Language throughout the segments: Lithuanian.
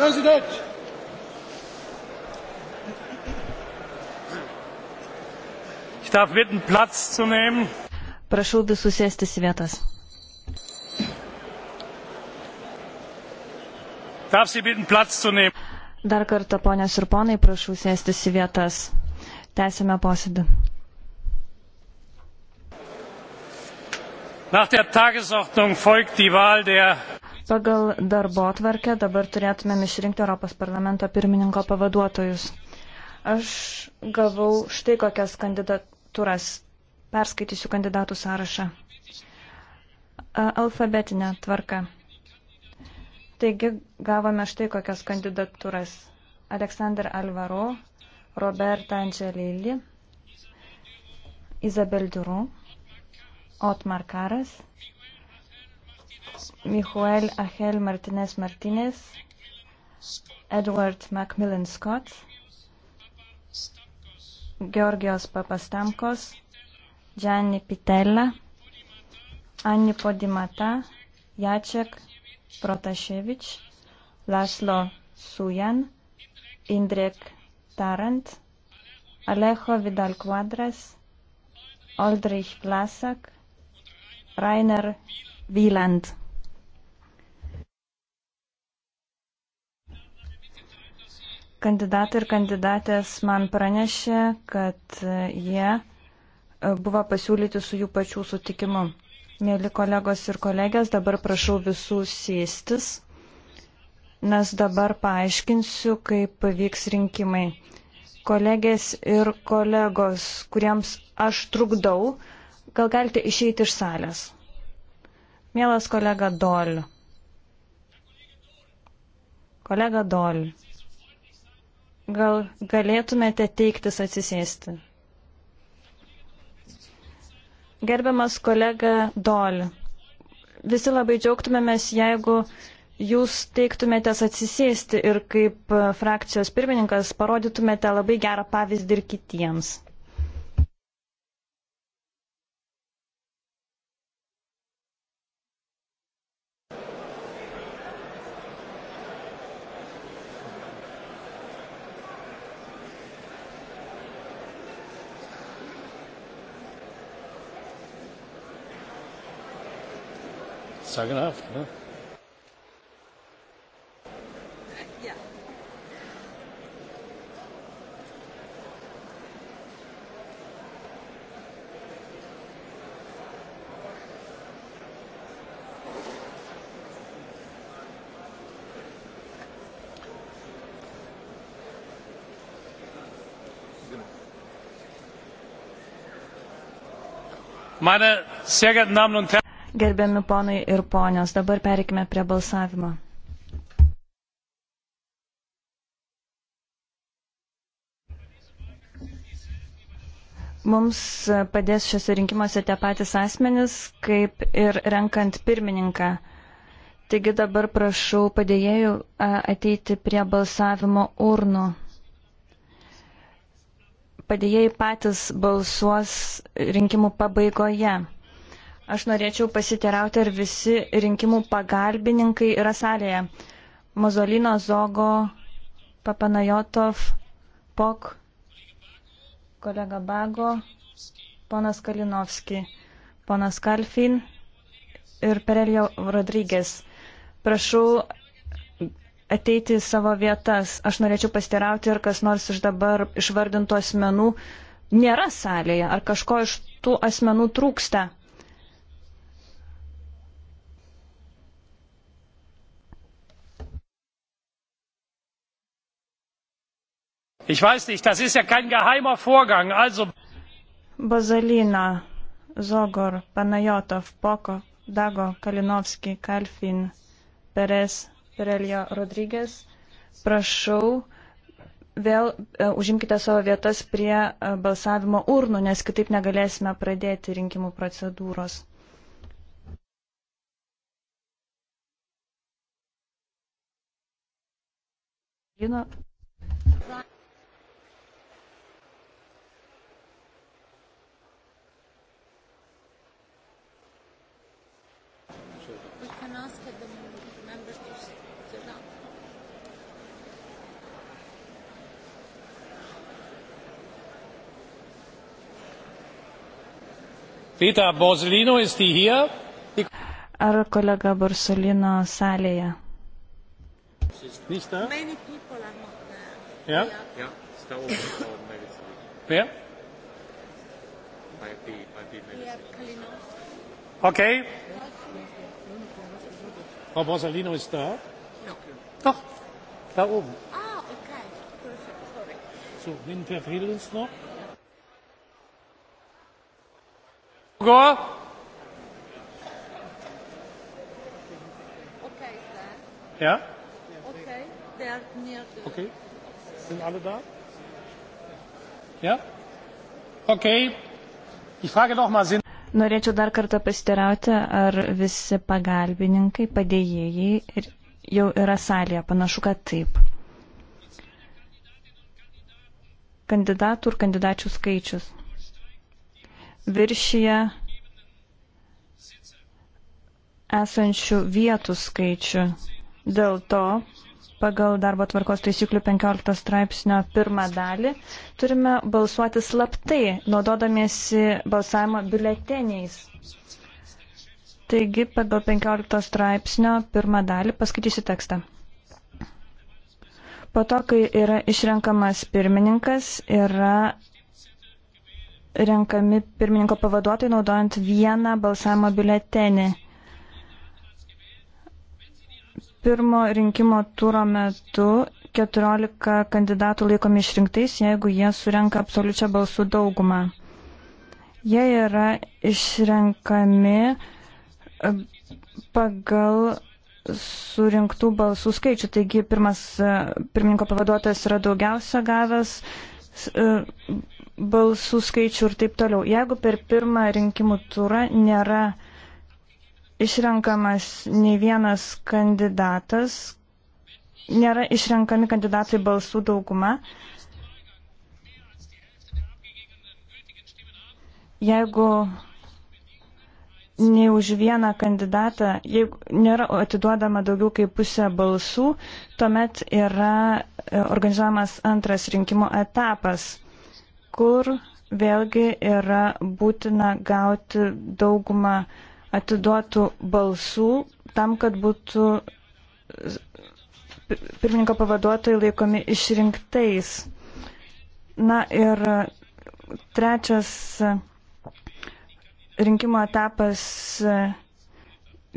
President. Ich darf bitten, Platz zu nehmen. Prašau visus sėstis į vietas. Dar kartą, ponios ir ponai, prašau sėstis į vietas. Tęsime posėdį. Nach der Tagesordnung folgt die Wahl der Pagal darbo atvarkę dabar turėtumėm išrinkti Europos parlamento pirmininko pavaduotojus. Aš gavau štai kokias kandidatūras. Perskaitysiu kandidatų sąrašą. Alfabetinė tvarka. Taigi gavome štai kokias kandidatūras. Aleksandr Alvaro, Roberta Angelili, Izabel Duru, Otmar Karas, Mijuel Ángel Martínez Martínez, Edward Macmillan Scott, Georgios Papastamkos, Gianni Pitella, Anni Podimata, Jacek Protasevich, Laszlo Sujan, Indrek Tarant, Alejo Vidal Quadras, Oldrich Vlasak, Rainer Wieland. Kandidatai ir kandidatės man pranešė, kad e, jie e, buvo pasiūlyti su jų pačių sutikimu. Mėly kolegos ir kolegės, dabar prašau visų sėstis, nes dabar paaiškinsiu, kaip pavyks rinkimai kolegės ir kolegos, kuriems aš trukdau, gal galite išeiti iš salės. Mielas kolega Dol. Kolega Dol. Gal galėtumėte teiktis atsisėsti? Gerbiamas kolega Dol. Visi labai džiaugtumėmės, jeigu jūs teiktumėtės atsisėsti ir kaip frakcijos pirmininkas parodytumėte labai gerą pavyzdį ir kitiems. sagenhaft. Ne? Ja. Meine sehr geehrten Damen und Herren, Gerbiami ponai ir ponios, dabar perikime prie balsavimo. Mums padės šiuose rinkimuose tie patys asmenys, kaip ir renkant pirmininką. Taigi dabar prašau padėjėjų ateiti prie balsavimo urnų. Padėjėjai patys balsuos rinkimų pabaigoje. Aš norėčiau pasiterauti, ar visi rinkimų pagalbininkai yra salėje. Mazolino, Zogo, Papanajotov, Pok, kolega Bago, ponas Kalinovski, ponas Kalfin ir Perelio Rodrygės. Prašau ateiti į savo vietas. Aš norėčiau pastirauti, ar kas nors iš dabar išvardintų asmenų nėra salėje, ar kažko iš tų asmenų trūksta. Ich weiß nicht, das ist ja kein geheimer Vorgang. Also Bazalina, Zogor, Panajotov, Poko, Dago, Kalinovski, Kalfin, Perez, Perelio, Rodrygės. Prašau, vėl uh, užimkite savo vietas prie uh, balsavimo urnų, nes kitaip negalėsime pradėti rinkimų procedūros. Žinot, Peter Borsellino, ist die hier? Ar kolega Borsolino salėje? Ja? Ja, ist da oben. Wer? Okay. Frau Borsellino ist da? Doch, da oben. Ah, okay. Perfect. Sorry. So, wen verfehlt uns noch? Go. Okay, then. Ja? Okay, der near the... Okay. Sind alle da? Ja? Okay. Ich frage noch mal, sind... Norėčiau dar kartą pasitirauti, ar visi pagalbininkai, padėjėjai jau yra salėje. Panašu, kad taip. Kandidatų ir kandidačių skaičius viršyje esančių vietų skaičių. Dėl to pagal darbo tvarkos taisyklių 15 straipsnio pirmą dalį turime balsuoti slaptai, naudodamiesi balsavimo biuleteniais. Taigi pagal 15 straipsnio pirmą dalį paskaitysiu tekstą. Po to, kai yra išrenkamas pirmininkas, yra renkami pirmininko pavaduotojai naudojant vieną balsavimo biuletenį. Pirmo rinkimo turo metu 14 kandidatų laikomi išrinktais, jeigu jie surenka absoliučią balsų daugumą. Jie yra išrenkami e, pagal surinktų balsų skaičių. Taigi pirmas e, pirmininko pavaduotojas yra daugiausia gavęs e, balsų skaičių ir taip toliau. Jeigu per pirmą rinkimų turą nėra išrenkamas nei vienas kandidatas, nėra išrenkami kandidatai balsų dauguma, jeigu nei už vieną kandidatą, jeigu nėra atiduodama daugiau kaip pusę balsų, tuomet yra e, organizuojamas antras rinkimų etapas kur vėlgi yra būtina gauti daugumą atiduotų balsų tam, kad būtų pirmininko pavaduotojai laikomi išrinktais. Na ir trečias rinkimo etapas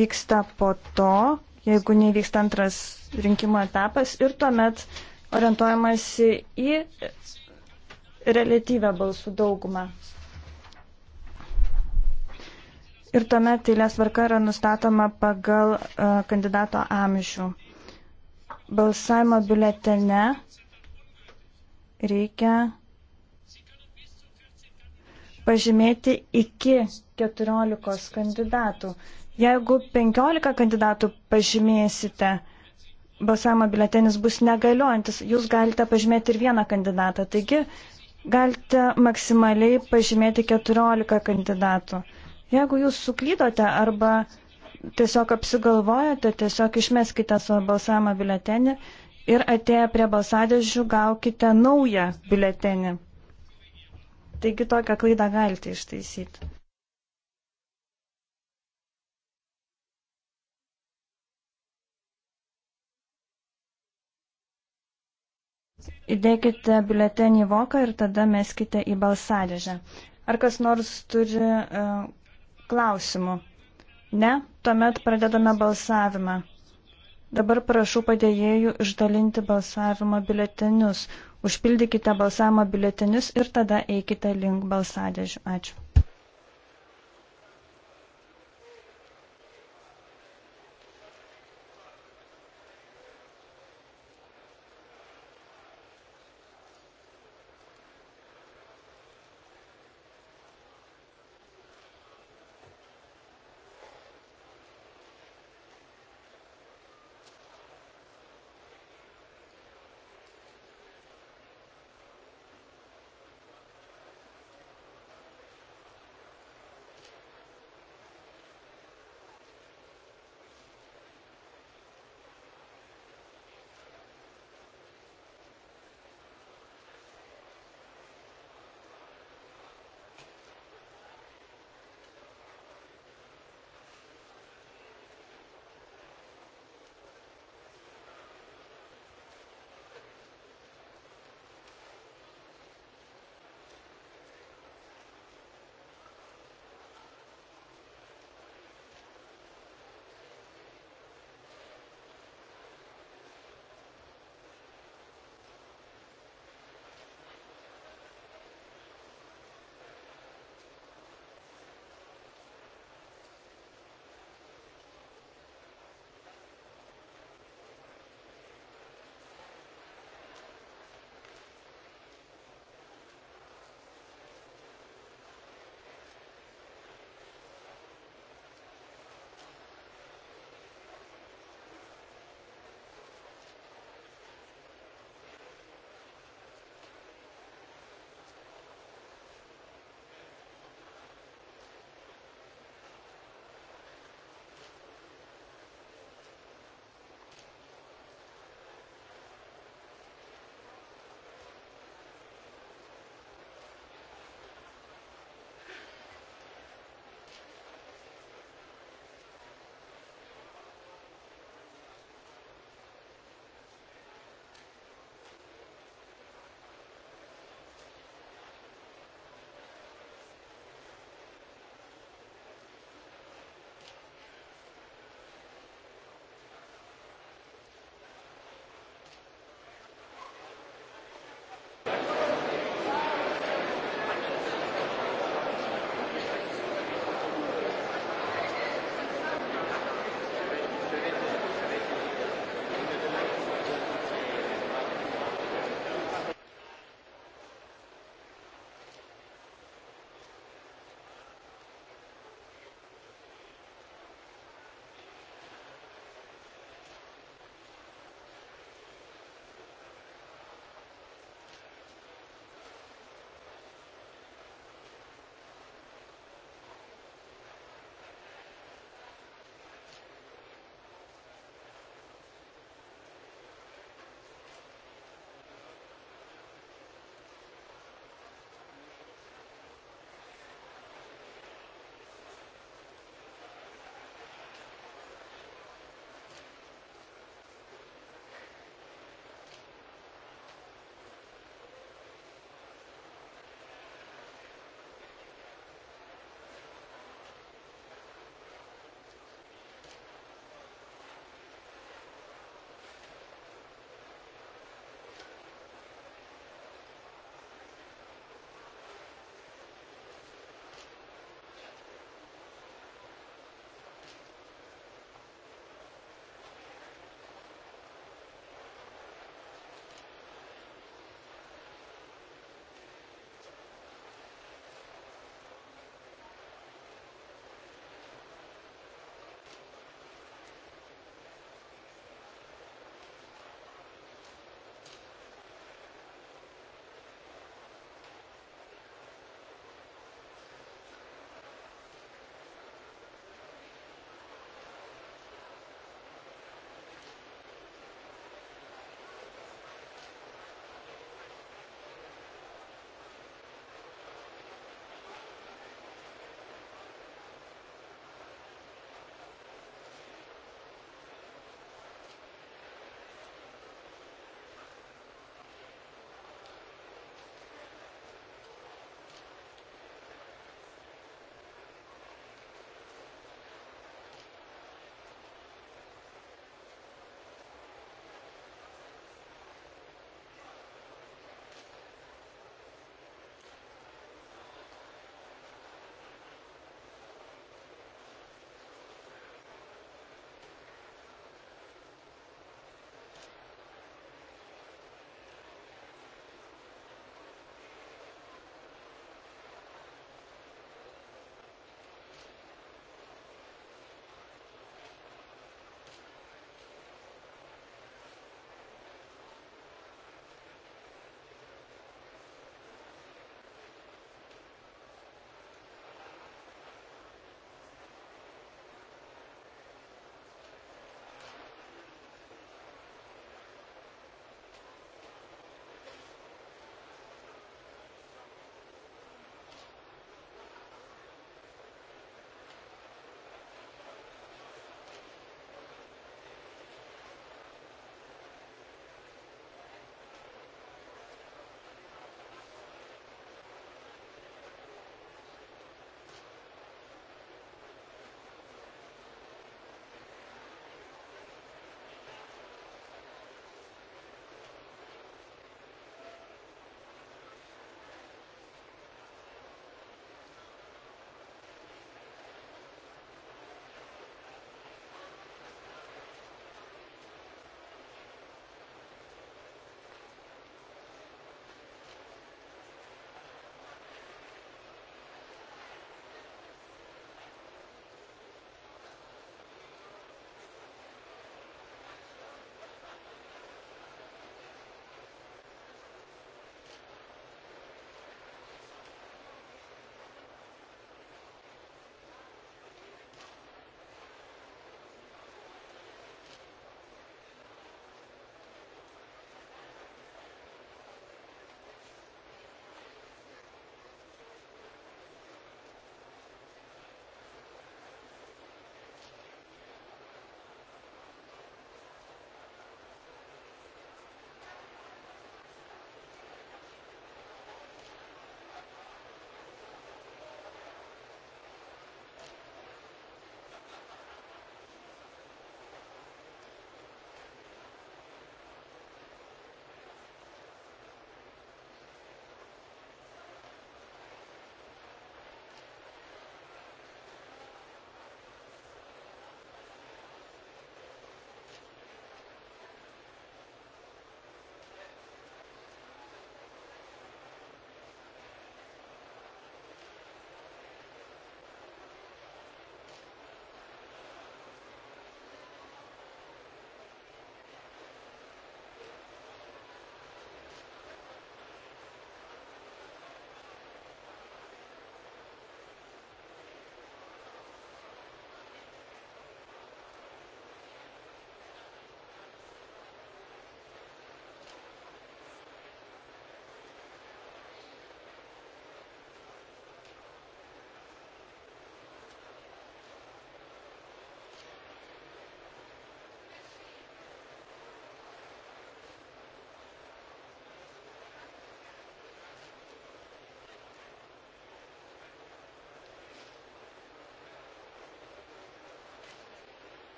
vyksta po to, jeigu nevyksta antras rinkimo etapas ir tuomet orientuojamasi į relatyvę balsų daugumą. Ir tuomet eilės varka yra nustatoma pagal uh, kandidato amžių. Balsavimo biuletene reikia pažymėti iki 14 kandidatų. Jeigu 15 kandidatų pažymėsite, balsavimo biletenis bus negaliojantis, jūs galite pažymėti ir vieną kandidatą. Taigi galite maksimaliai pažymėti 14 kandidatų. Jeigu jūs suklydote arba tiesiog apsigalvojate, tiesiog išmeskite savo balsavimo biuletenį ir atėję prie balsadėžių gaukite naują biuletenį. Taigi tokią klaidą galite ištaisyti. Įdėkite biuletenį į voką ir tada meskite į balsadėžę. Ar kas nors turi uh, klausimų? Ne? Tuomet pradedame balsavimą. Dabar prašau padėjėjų išdalinti balsavimo biuletenius. Užpildykite balsavimo biuletenius ir tada eikite link balsadėžių. Ačiū.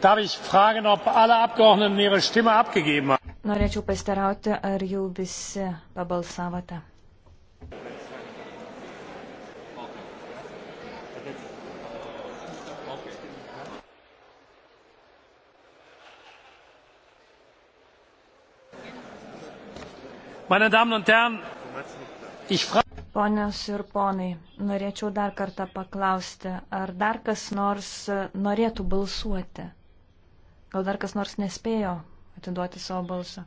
Darf ich fragen, ob alle Abgeordneten ihre Stimme abgegeben haben? Norėčiau pasitarauti, ar jau visi pabalsavote. Meine Damen und Herren, ich frage. Ponios ir ponai, norėčiau dar kartą paklausti, ar dar kas nors norėtų balsuoti? Gal dar kas nors nespėjo atiduoti savo balsą.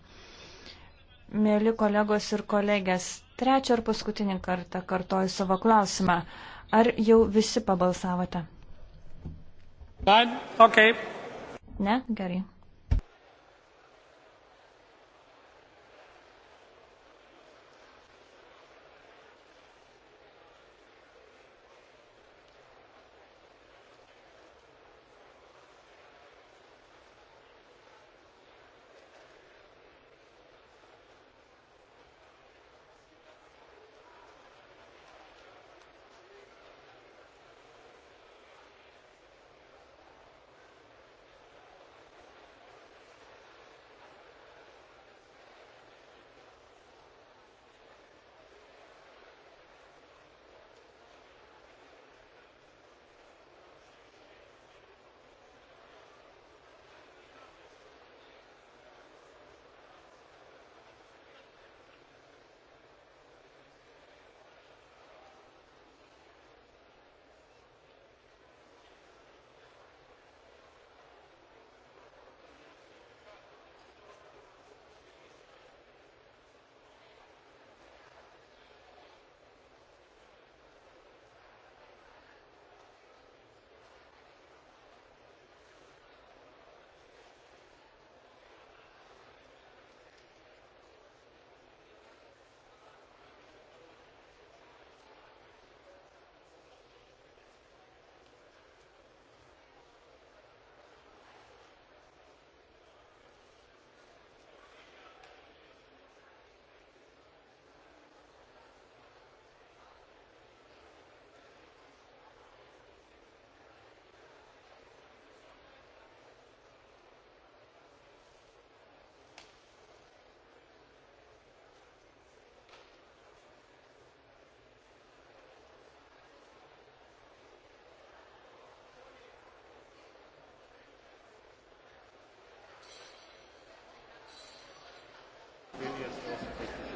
Mėly kolegos ir kolegės, trečią ir paskutinį kartą kartoju savo klausimą. Ar jau visi pabalsavote? Ne, okay. ne? gerai.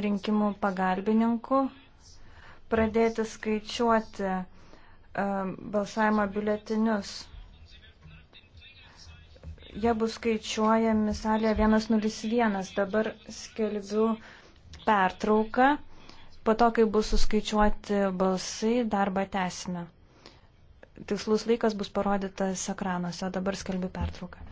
rinkimų pagalbininkų pradėti skaičiuoti e, balsavimo biuletinius. Jie bus skaičiuojami salėje 101. Dabar skelbiu pertrauką. Po to, kai bus suskaičiuoti balsai, darbą tęsime. Tikslus laikas bus parodytas ekranuose, o dabar skelbiu pertrauką.